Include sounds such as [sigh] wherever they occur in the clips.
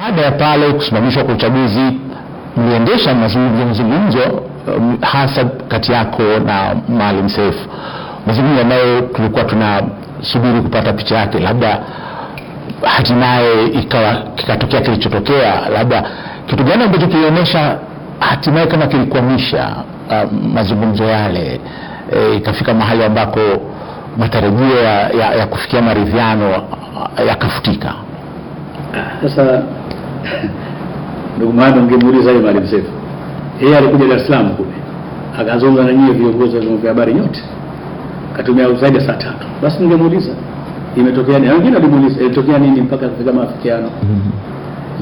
Baada ya pale kusimamishwa kwa uchaguzi, mliendesha mazungumzo um, hasa kati yako na Maalim Seif, mazungumzo ambayo tulikuwa tunasubiri kupata picha yake, labda hatimaye ikawa kikatokea kilichotokea. Labda kitu gani ambacho kilionyesha hatimaye kama kilikwamisha uh, mazungumzo yale e, ikafika e, mahali ambako matarajio ya, ya, ya kufikia maridhiano yakafutika? Sasa [laughs] ndugu maana ungemuuliza yeye Maalim Seif, yeye alikuja Dar es Salaam kule akazungumza na nyie viongozi wa vyombo vya habari nyote, katumia zaidi ya saa tatu. Basi ningemuuliza imetokea nini, wengine walimuuliza ilitokea nini mpaka kufika maafikiano. Mhm.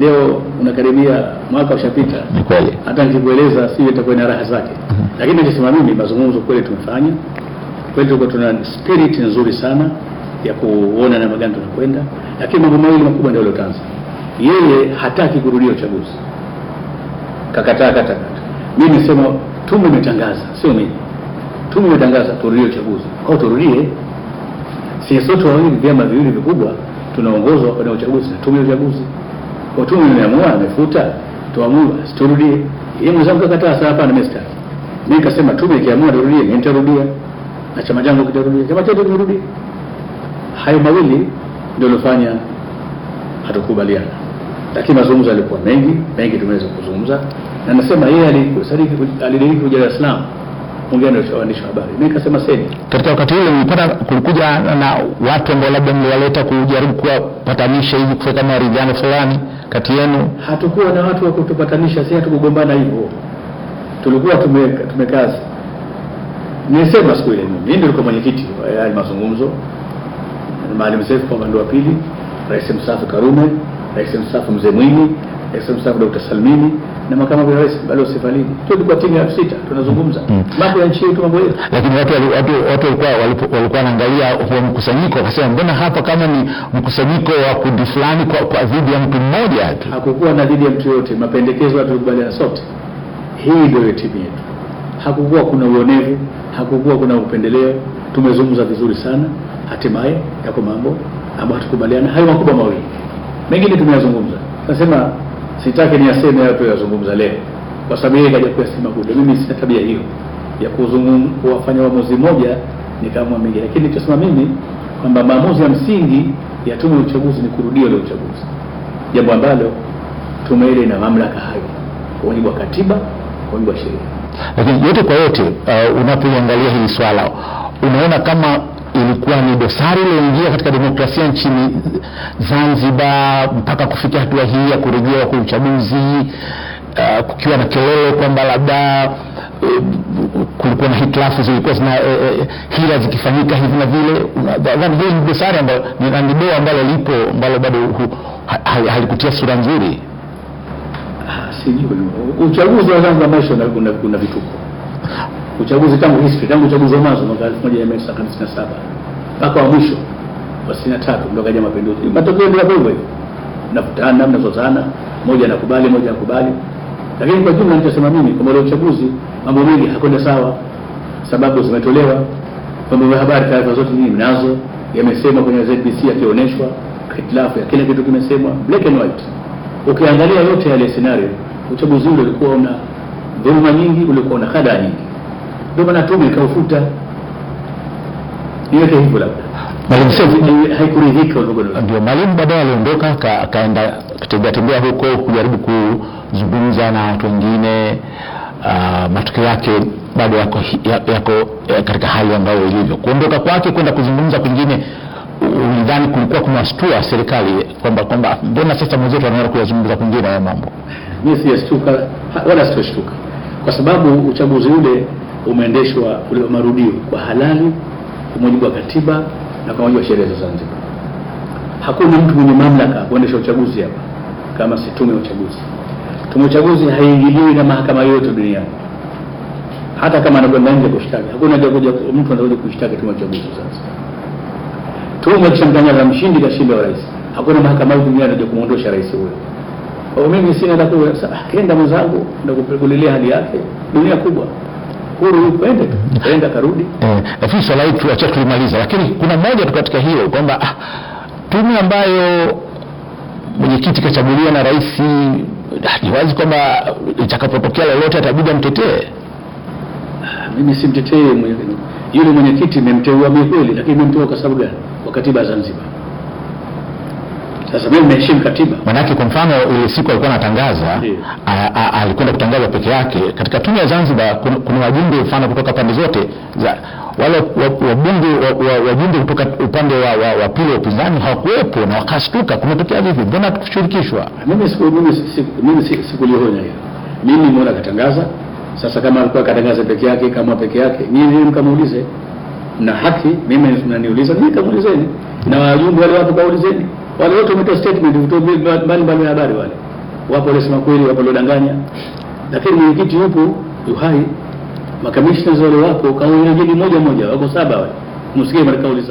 Leo unakaribia mwaka ushapita, ni kweli, hata nikikueleza si itakuwa na raha zake, mhm. lakini nikisema mimi, mazungumzo kweli tumefanya kweli, tuko tuna spirit nzuri sana ya kuona namna gani tunakwenda, lakini mambo mawili makubwa ndio yaliyotanza yeye hataki kurudia uchaguzi, kakataa kata kata. Mimi nisema tume imetangaza, sio mimi, tume imetangaza turudie uchaguzi, au turudie Sisi sote wawili, vyama viwili vikubwa tunaongozwa na uchaguzi na tume ya uchaguzi. Kwa tume imeamua, amefuta, tuamue turudie. Yeye mwenzangu kakataa, sasa hapa na mesta. Mimi nikasema tume ikiamua turudie, mimi nitarudia na chama changu kitarudia, chama chetu kimerudia. Hayo mawili ndio lofanya hatukubaliana lakini mazungumzo yalikuwa mengi mengi, tumeweza kuzungumza na nasema yeye alidiriki kuja Dar es Salaam kuongea na waandishi wa habari. Mimi nikasema sasa, katika wakati ule nilipata kulikuja na watu ambao labda mliwaleta kujaribu kuwapatanisha hivi kufanya maridhiano fulani kati yenu? Hatukuwa na watu wa kutupatanisha, sisi hatukugombana hivyo, tulikuwa tumekaza. Nimesema siku ile mimi ndio nilikuwa mwenyekiti wa yale mazungumzo, Maalim Seif kwa mwendo wa pili, Rais mstaafu Karume rais mstaafu mzee Mwinyi, rais mstaafu Dr. Salmini na makamu wa rais balozi Tuko kwa timu ya sita tunazungumza mambo mm. ya nchi yetu, mambo yetu. Lakini watu watu walikuwa walikuwa wanaangalia huo mkusanyiko, wakasema mbona hapa kama ni mkusanyiko wa kundi fulani kwa, kwa dhidi ya mtu mmoja tu. Hakukuwa na dhidi ya mtu yote, mapendekezo watu tulikubaliana sote, hii ndio timu yetu. Hakukuwa kuna uonevu, hakukuwa kuna upendeleo. Tumezungumza vizuri sana, hatimaye yako mambo ambayo tukubaliana hayo makubwa mawili mengine tumeyazungumza, nasema sitaki aseme hayo tuyazungumza leo, kwa sababu yeye kaja kuyasema kule. Mimi sina tabia hiyo ya kuzungumza kuwafanya uamuzi moja nikaamua mengine, lakini nilichosema mimi kwamba maamuzi ya msingi ya tume ya uchaguzi ni kurudia ile uchaguzi, jambo ambalo tume ile ina mamlaka hayo kwa mujibu wa katiba, kwa mujibu wa sheria. Lakini yote kwa yote, uh, unapoiangalia hili swala unaona kama ilikuwa ni dosari iliyoingia katika demokrasia nchini Zanzibar mpaka kufikia hatua hii ya kurejea kwa uchaguzi, uh, kukiwa na kelele kwamba labda uh, kulikuwa na hitilafu zilikuwa zina uh, uh, hila zikifanyika hivi na vile. Nadhani hiyo ni dosari ambayo ni doa ambalo lipo ambalo bado halikutia sura nzuri. Ah, sijui uchaguzi wa Zanzibar maisha kuna vituko uchaguzi tangu history tangu uchaguzi wa mwanzo mwaka 1957 mpaka wa mwisho wa 63 ndio kaja mapinduzi. Matokeo ndio hivyo hivyo, mnakutana mnazozana, moja anakubali moja hakubali, lakini kwa jumla nitasema mimi kwa mwaka uchaguzi mambo mengi hakwenda sawa, sababu zimetolewa vyombo vya habari, taarifa zote nyinyi mnazo, yamesema kwenye ZBC, yakionyeshwa hitilafu ya kila kitu kimesemwa, black and white. Ukiangalia yote yale scenario, uchaguzi ule ulikuwa una dhuluma nyingi, ulikuwa una kada nyingi ndio maana toba ikaufuta. Iweke hivyo labda haikuridhika ndio mwalimu. Baadaye aliondoka akaenda kutembea tembea huko kujaribu kuzungumza na watu wengine. Uh, matukio yake bado yako, yako katika hali ambayo ilivyo. Kuondoka kwake kwenda kuzungumza kwingine, ulidhani kulikuwa kumwashtua serikali kwamba kwamba mbona sasa mwenzetu anaenda kuyazungumza kwingine haya mambo? Mimi siyashtuka wala sitoshtuka, kwa sababu uchaguzi ule umeendeshwa ule marudio kwa halali kwa mujibu wa katiba na kwa mujibu wa sheria za Zanzibar. Hakuna mtu mwenye mamlaka kuendesha uchaguzi hapa kama si tume ya uchaguzi. Tume ya uchaguzi haiingiliwi na mahakama yoyote duniani, hata kama anakwenda nje kushtaki, hakuna mtu anaweza kushtaki tume ya uchaguzi Zanzibar. Tume ikishamtangaza mshindi, kashinda rais, hakuna mahakama yoyote duniani inaweza kumwondosha rais huyo. Kwa mimi sina la kuenda, ah, mwenzangu na kulilia hali yake, dunia kubwa kuru yuko kwenda karudi eh, Lakini eh, swala hili tuachia tulimaliza, lakini kuna moja tu katika hiyo kwamba ah, tume ambayo mwenyekiti kachaguliwa na rais, ah, ni wazi kwamba itakapotokea lolote atabidi amtetee. Mimi simtetee yule mwenyekiti, nimemteua mimi kweli, lakini nimemteua kwa sababu gani? Kwa katiba ya Zanzibar sasa mimi nimeheshimu katiba. Maanake kwa mfano ile siku alikuwa anatangaza, alikwenda kutangaza peke yake katika tume ya Zanzibar. Kuna, wajumbe mfano kutoka pande zote za wale wabunge wajumbe kutoka upande wa, wa, wa pili wa upinzani hawakuwepo na wakashtuka, kumetokea vipi, mbona tukushirikishwa? Mimi siku mimi siku hiyo, mimi nimeona katangaza. Sasa kama alikuwa katangaza peke yake, kama peke yake, nyinyi mkamuulize, na haki mimi mnaniuliza, mimi kamuulizeni, na wajumbe wale wapo kaulizeni. Wale wote wametoa statement mbalimbali ya habari, wale wapo waliosema kweli, wapo waliodanganya, lakini mwenyekiti yupo yuhai, makamishna wale wapo kauli nyingine moja moja, wako saba wale, msikie kauli zao.